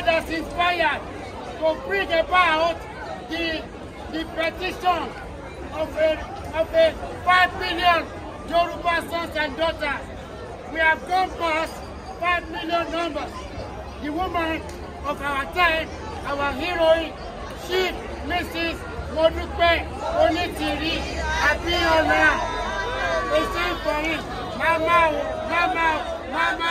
God has inspired to bring about the, the petition of a, of a 5 million Yoruba sons and daughters. We have gone past 5 million numbers. The woman of our time, our heroine, Chief Mrs. Modupe Onitiri Abiola, is in for it. Mama, mama, mama.